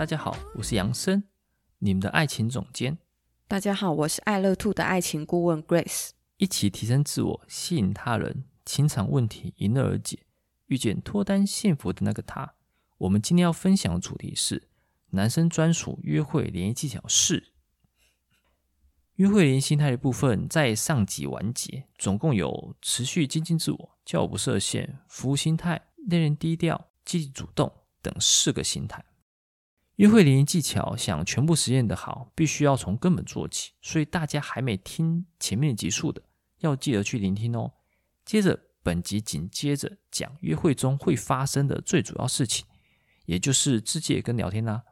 大家好，我是楊森，你們的愛情總監。大家好，我是愛樂兔的愛情顧問 Grace。一起提升自我，吸引他人，情場問題迎刃而解，遇見脫單幸福的那個他。我們今天要分享的主題是男生專屬約會聯誼技巧四。約會聯誼心態的部分在上集完結，總共有持續精進自我、教不設限、服務心態、內斂低調、積極主動等四個心態。約會聯誼技巧，想全部實驗得好，必須要從根本做起。所以大家還沒聽前面集數的，要記得去聆聽哦。接着本集緊接着講約會中會發生的最主要事情，也就是自介跟聊天啦、啊。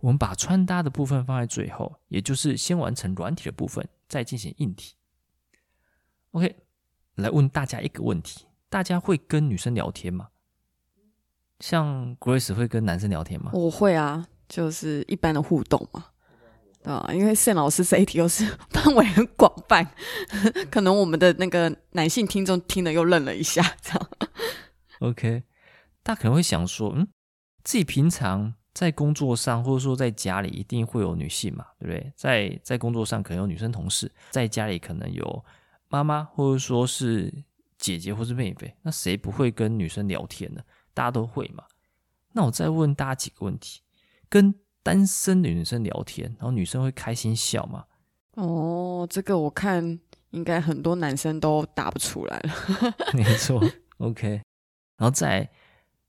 我們把穿搭的部分放在最後，也就是先完成軟體的部分，再進行硬體。OK，來問大家一個問題：大家會跟女生聊天嗎？像 Grace 會跟男生聊天嗎？我會啊。就是一般的互動嘛，啊，因為 Sam 老師這一題又是範圍很廣泛，可能我們的那個男性聽眾聽了又愣了一下，這樣。OK，大家可能會想說，嗯，自己平常在工作上，或者說在家裡，一定會有女性嘛，對不對？在在工作上可能有女生同事，在家裡可能有媽媽，或者說是姐姐，或是妹妹。那誰不會跟女生聊天呢？大家都會嘛。那我再問大家幾個問題。跟單身的女生聊天，然後女生會開心笑嗎？哦，這個我看應該很多男生都答不出來了。 沒錯，OK。然後在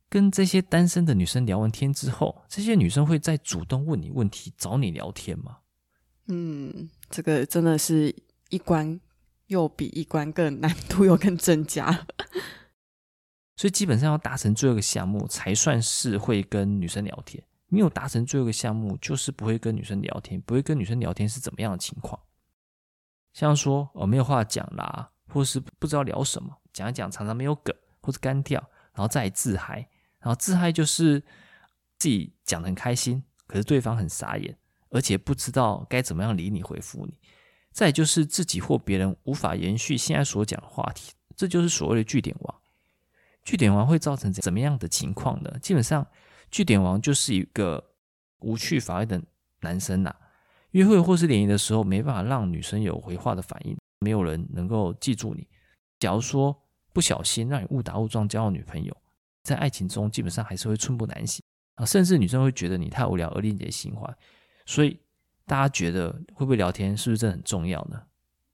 跟這些單身的女生聊完天之後，這些女生會再主動問你問題，找你聊天嗎？嗯，這個真的是一關又比一關更難度又更增加， 所以基本上要達成最後一個項目，才算是會跟女生聊天。沒有達成最後一個項目，就是不會跟女生聊天。不會跟女生聊天是怎麼樣的情況？像說哦，沒有話講啦，或是不知道聊什麼，講一講常常沒有梗或者乾掉，然後再自嗨，然後自嗨就是自己講得很開心，可是對方很傻眼，而且不知道該怎麼樣理你回復你。再就是自己或別人無法延續現在所講的話題，這就是所謂的句點王。句點王會造成怎麼樣的情況呢？基本上。句點王就是一個無趣乏味的男生吶、啊。約會或是聯誼的時候，沒辦法讓女生有回話的反應，沒有人能夠記住你。假如說不小心讓你誤打誤撞交了女朋友，在愛情中基本上還是會寸步難行啊，甚至女生會覺得你太無聊而另結新歡。所以大家覺得會不會聊天，是不是真的很重要呢？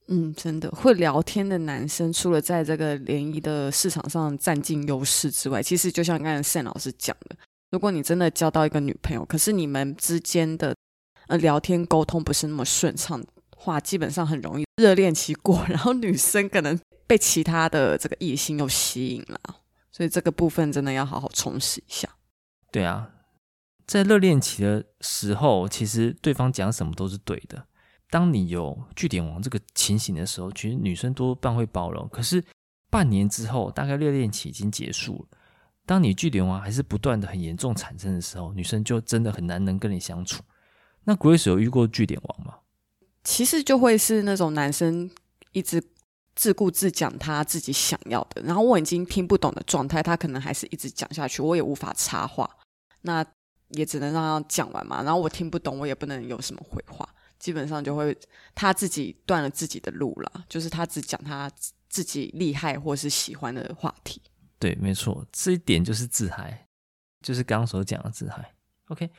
嗯，真的會聊天的男生，除了在這個聯誼的市場上占盡優勢之外，其實就像剛才 Sam 老師講的。如果你真的交到一個女朋友，可是你們之間的呃聊天溝通不是那麼順暢的話，基本上很容易熱戀期過，然後女生可能被其他的這個異性又吸引了，所以這個部分真的要好好充實一下。對啊，在熱戀期的時候，其實對方講什麼都是對的。當你有句點王這個情形的時候，其實女生多，多半會包容。可是半年之後，大概熱戀期已經結束了。當你句點王還是不斷的很嚴重產生的時候，女生就真的很難能跟你相處。那 Grace 有遇過句點王嗎？其實就會是那種男生一直自顧自講他自己想要的，然後我已經聽不懂的狀態，他可能還是一直講下去，我也無法插話，那也只能讓他講完嘛。然後我聽不懂，我也不能有什麼回話，基本上就會他自己斷了自己的路啦，就是他只講他自己厲害或是喜歡的話題。對，沒錯，這一點就是自嗨，就是剛剛所講的自嗨。OK，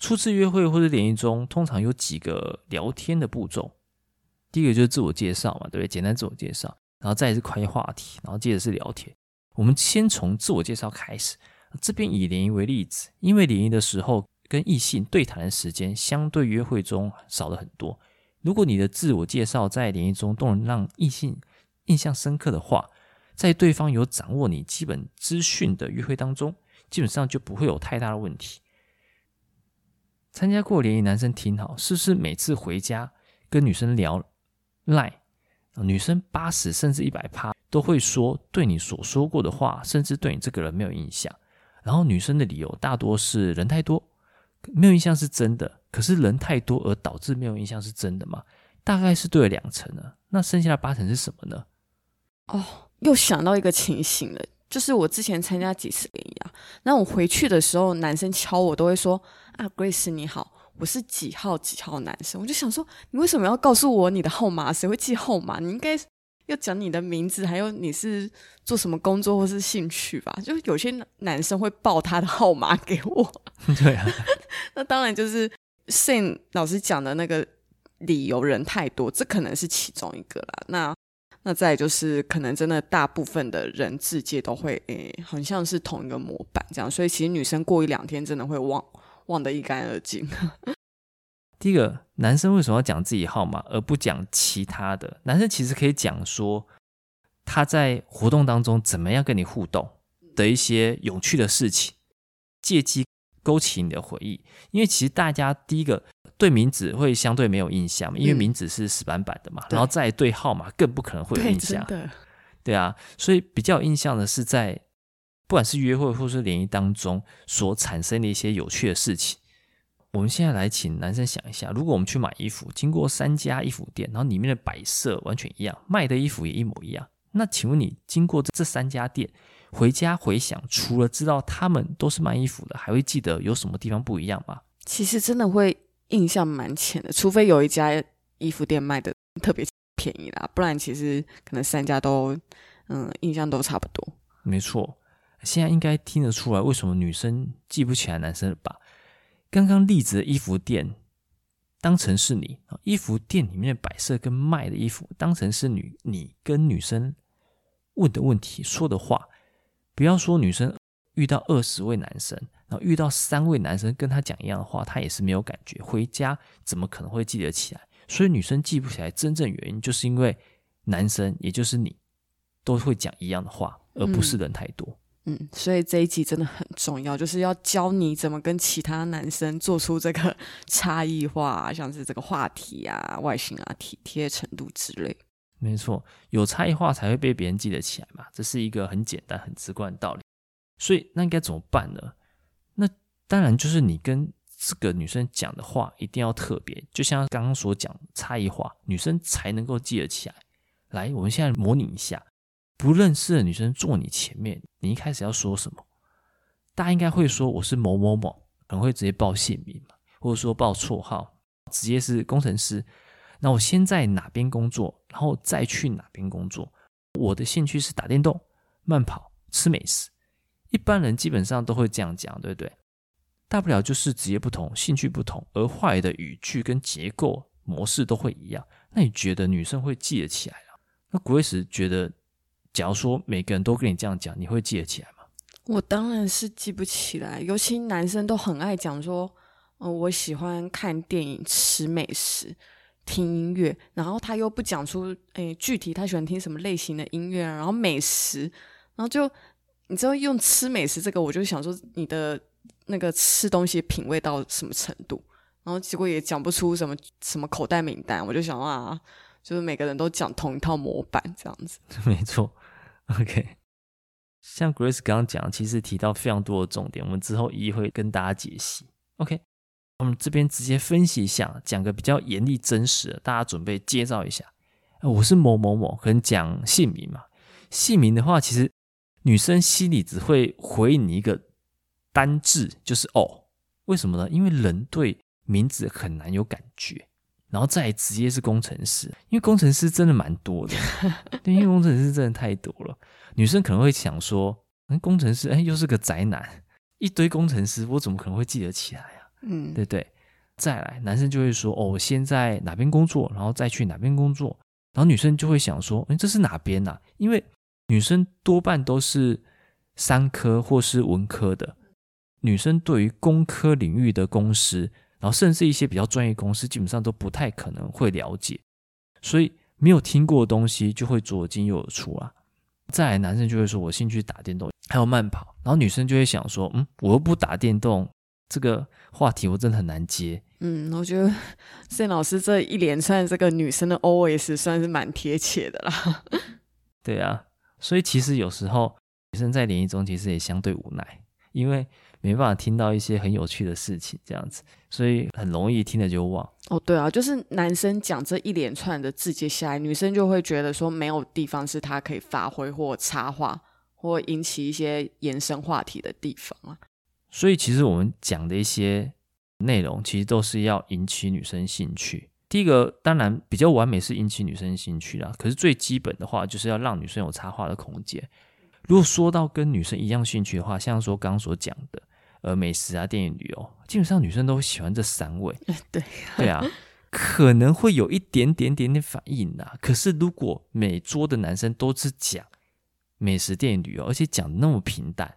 初次約會或者聯誼中，通常有幾個聊天的步驟。第一個就是自我介紹嘛，對不對？簡單自我介紹，然後再是開話題，然後接着是聊天。我們先從自我介紹開始。這邊以聯誼為例子，因為聯誼的時候跟異性對談的時間，相對約會中少了很多。如果你的自我介紹在聯誼中都能讓異性印象深刻的話，在對方有掌握你基本資訊的約會當中，基本上就不會有太大的問題。參加過聯誼男生聽好，是不是每次回家跟女生聊 LINE，女生八十甚至一百趴都會說對你所說過的話，甚至對你這個人沒有印象。然後女生的理由大多是人太多，沒有印象是真的。可是人太多而導致沒有印象是真的嗎？大概是對了兩成呢、啊。那剩下的八成是什麼呢？哦。又想到一個情形了，就是我之前參加幾次聯誼啊，那我回去的時候，男生敲我都會說：“啊，Grace 你好，我是幾號幾號男生。”我就想說，你為什麼要告訴我你的號碼？誰會記號碼？你應該要講你的名字，還有你是做什麼工作或是興趣吧。就是有些男生會報他的號碼給我。對啊， 那當然就是 Sam 老師講的那個理由，人太多，這可能是其中一個啦。那。那再就是，可能真的大部分的人自介都會誒，很像是同一個模板這樣，所以其實女生過一兩天真的會忘，忘得一乾二淨。 第一個，男生為什麼要講自己號碼而不講其他的？男生其實可以講說他在活動當中怎麼樣跟你互動的一些有趣的事情，借機勾起你的回憶，因為其實大家第一個。對名字會相對沒有印象，因為名字是死板板的嘛、嗯。然後再對號碼更不可能會有印象。對，對啊，所以比較有印象的是在不管是約會或是聯誼當中所產生的一些有趣的事情。我們現在來請男生想一下，如果我們去買衣服，經過三家衣服店，然後裡面的擺設完全一樣，賣的衣服也一模一樣，那請問你經過這三家店回家回想，除了知道他們都是賣衣服的，還會記得有什麼地方不一樣嗎？其實真的會。印象蠻淺的，除非有一家衣服店賣的特別便宜啦，不然其實可能三家都，嗯，印象都差不多。沒錯，現在應該聽得出來為什麼女生記不起來男生了吧？剛剛例子的衣服店當成是你，衣服店裡面的擺設跟賣的衣服當成是你，你跟女生問的問題說的話，不要說女生遇到二十位男生。然後遇到三位男生跟他講一樣的話，他也是沒有感覺，回家怎麼可能會記得起來？所以女生記不起來，真正原因就是因為男生，也就是你，都會講一樣的話，而不是人太多。嗯，嗯，所以這一集真的很重要，就是要教你怎麼跟其他男生做出這個差異化啊，像是這個話題啊、外形啊、體貼程度之類。沒錯，有差異化才會被別人記得起來嘛，這是一個很簡單、很直觀的道理。所以那應該怎麼辦呢？當然，就是你跟這個女生講的話一定要特別，就像剛剛所講差異化，女生才能夠記得起來。來，我們現在模擬一下，不認識的女生坐你前面，你一開始要說什麼？大家應該會說我是某某某，可能會直接報姓名嘛，或者說報綽號，直接是工程師。那我先在哪邊工作，然後再去哪邊工作？我的興趣是打電動、慢跑、吃美食。一般人基本上都會這樣講，對不對？大不了就是職業不同、興趣不同，而話語的語句跟結構模式都會一樣。那你覺得女生會記得起來啊？那 Grace 覺得，假如說每個人都跟你這樣講，你會記得起來嗎？我當然是記不起來，尤其男生都很愛講說、呃，我喜歡看電影、吃美食、聽音樂，然後他又不講出誒、欸、具體他喜歡聽什麼類型的音樂啊，然後美食，然後就你知道用吃美食這個，我就想說你的。那個吃東西品味到什麼程度，然後結果也講不出什麼什麼口袋名單，我就想啊，就是每個人都講同一套模板這樣子，沒錯。OK，像 Grace 剛剛講，其實提到非常多的重點，我們之後一會跟大家解析。OK，我們這邊直接分析一下，講個比較嚴厲真實的，大家準備介紹一下。呃，我是某某某，可能講姓名嘛。姓名的話，其實女生心裡只會回應你一個單字就是哦，為什麼呢？因為人對名字很難有感覺，然後再來職業是工程師，因為工程師真的蠻多的 對，因為工程師真的太多了。女生可能會想說，嗯，工程師，哎，又是個宅男，一堆工程師，我怎麼可能會記得起來啊？嗯，對不對？再來，男生就會說，哦，我先在哪邊工作，然後再去哪邊工作，然後女生就會想說，哎，這是哪邊吶啊？因為女生多半都是商科或是文科的。女生對於工科領域的公司，然後甚至一些比較專業公司，基本上都不太可能會了解，所以沒有聽過的東西就會左進右出啊。再來男生就會說：“我興趣打電動，還有慢跑。”然後女生就會想說：“嗯，我又不打電動，這個話題我真的很難接。”嗯，我覺得 Sam 老師這一連串這個女生的 OS 算是蠻貼切的啦。 對啊，所以其實有時候女生在聯誼中其實也相對無奈，因為。沒辦法聽到一些很有趣的事情，這樣子，所以很容易聽了就忘。哦，對啊，就是男生講這一連串的字，接下來女生就會覺得說沒有地方是她可以發揮或插話或引起一些延伸話題的地方啊。所以其實我們講的一些內容，其實都是要引起女生興趣。第一個當然比較完美是引起女生興趣啦，可是最基本的話就是要讓女生有插話的空間。如果說到跟女生一樣興趣的話，像說剛剛所講的。呃，美食啊，電影、旅遊，基本上女生都會喜歡這三位。對，對啊， 可能會有一點點點點反應啊。可是，如果每桌的男生都是講美食、電影、旅遊，而且講那麼平淡、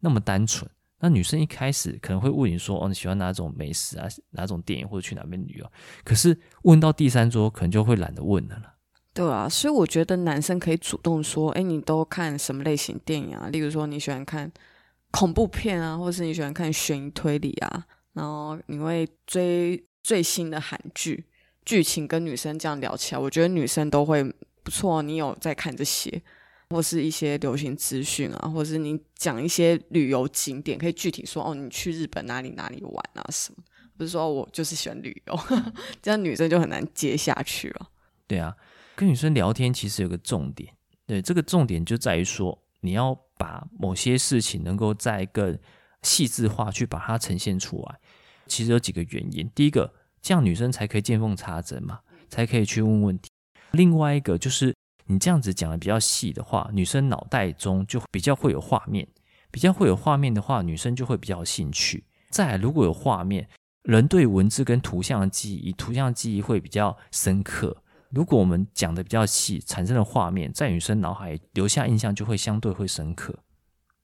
那麼單純，那女生一開始可能會問你說：“哦，你喜歡哪種美食啊？哪種電影或者去哪邊旅遊？”可是問到第三桌，可能就會懶得問了。對啊，所以我覺得男生可以主動說：“哎，你都看什麼類型電影啊？”例如說，你喜歡看。恐怖片啊，或是你喜歡看懸疑推理啊，然後你會追最新的韓劇，劇情跟女生這樣聊起來，我覺得女生都會不錯。你有在看這些，或是一些流行資訊啊，或是你講一些旅遊景點，可以具體說哦，你去日本哪裡哪裡玩啊什麼？不是說，哦，我就是喜歡旅遊， 這樣女生就很難接下去了。對啊，跟女生聊天其實有個重點，對，這個重點就在於說。你要把某些事情能夠在更細緻化去把它呈現出來，其實有幾個原因。第一個，這樣女生才可以見縫插針嘛，才可以去問問題。另外一個就是你這樣子講的比較細的話，女生腦袋中就比較會有畫面，比較會有畫面的話，女生就會比較興趣。再來如果有畫面，人對文字跟圖像的記憶，圖像記憶會比較深刻。如果我們講的比較細，產生的畫面在女生腦海留下印象就會相對會深刻。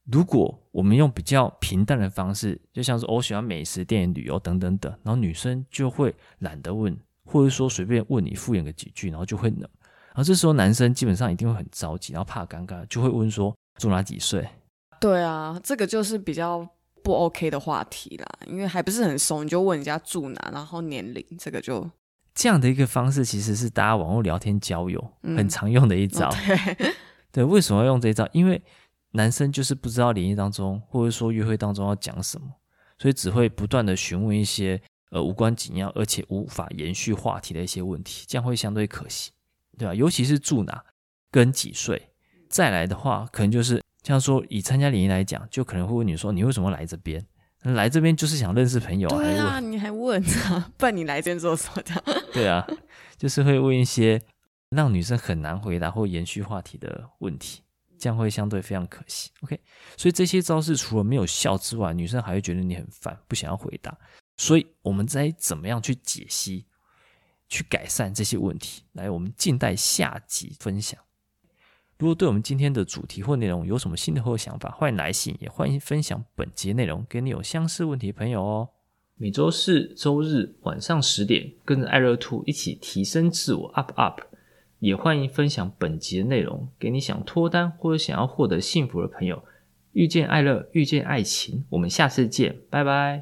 如果我們用比較平淡的方式，就像是我喜歡美食、電影、旅遊等等等，然後女生就會懶得問，或者說隨便問你敷衍個幾句，然後就會冷。然後這時候男生基本上一定會很着急，然後怕尷尬，就會問說住哪幾歲？對啊，這個就是比較不 OK 的話題啦，因為還不是很熟，你就問人家住哪，然後年齡，這個就。這樣的一個方式其實是大家網絡聊天交友、嗯、很常用的一招、哦對。對，為什麼要用這一招？因為男生就是不知道聯誼當中，或者說約會當中要講什麼，所以只會不斷的詢問一些呃無關緊要而且無法延續話題的一些問題，這樣會相對可惜，對吧？尤其是住哪跟幾歲。再來的話，可能就是像說以參加聯誼來講，就可能會問你說你為什麼來這邊？來這邊就是想認識朋友啊？對啊，還問你還問啊？不然 你來這邊做什麼的？ 對啊，就是會問一些讓女生很難回答或延續話題的問題，這樣會相對非常可惜。OK，所以這些招式除了沒有效之外，女生還會覺得你很煩，不想要回答。所以我們在怎麼樣去解析、去改善這些問題？來，我們靜待下集分享。如果對我們今天的主題或內容有什麼新的或想法，歡迎來信，也歡迎分享本集內容給你有相似問題的朋友哦。每週四週日晚上十點，跟着愛樂 Two 一起提升自我，up up。也歡迎分享本集的內容給你想脫單或者想要獲得幸福的朋友。遇見愛樂，遇見愛情，我們下次見，拜拜。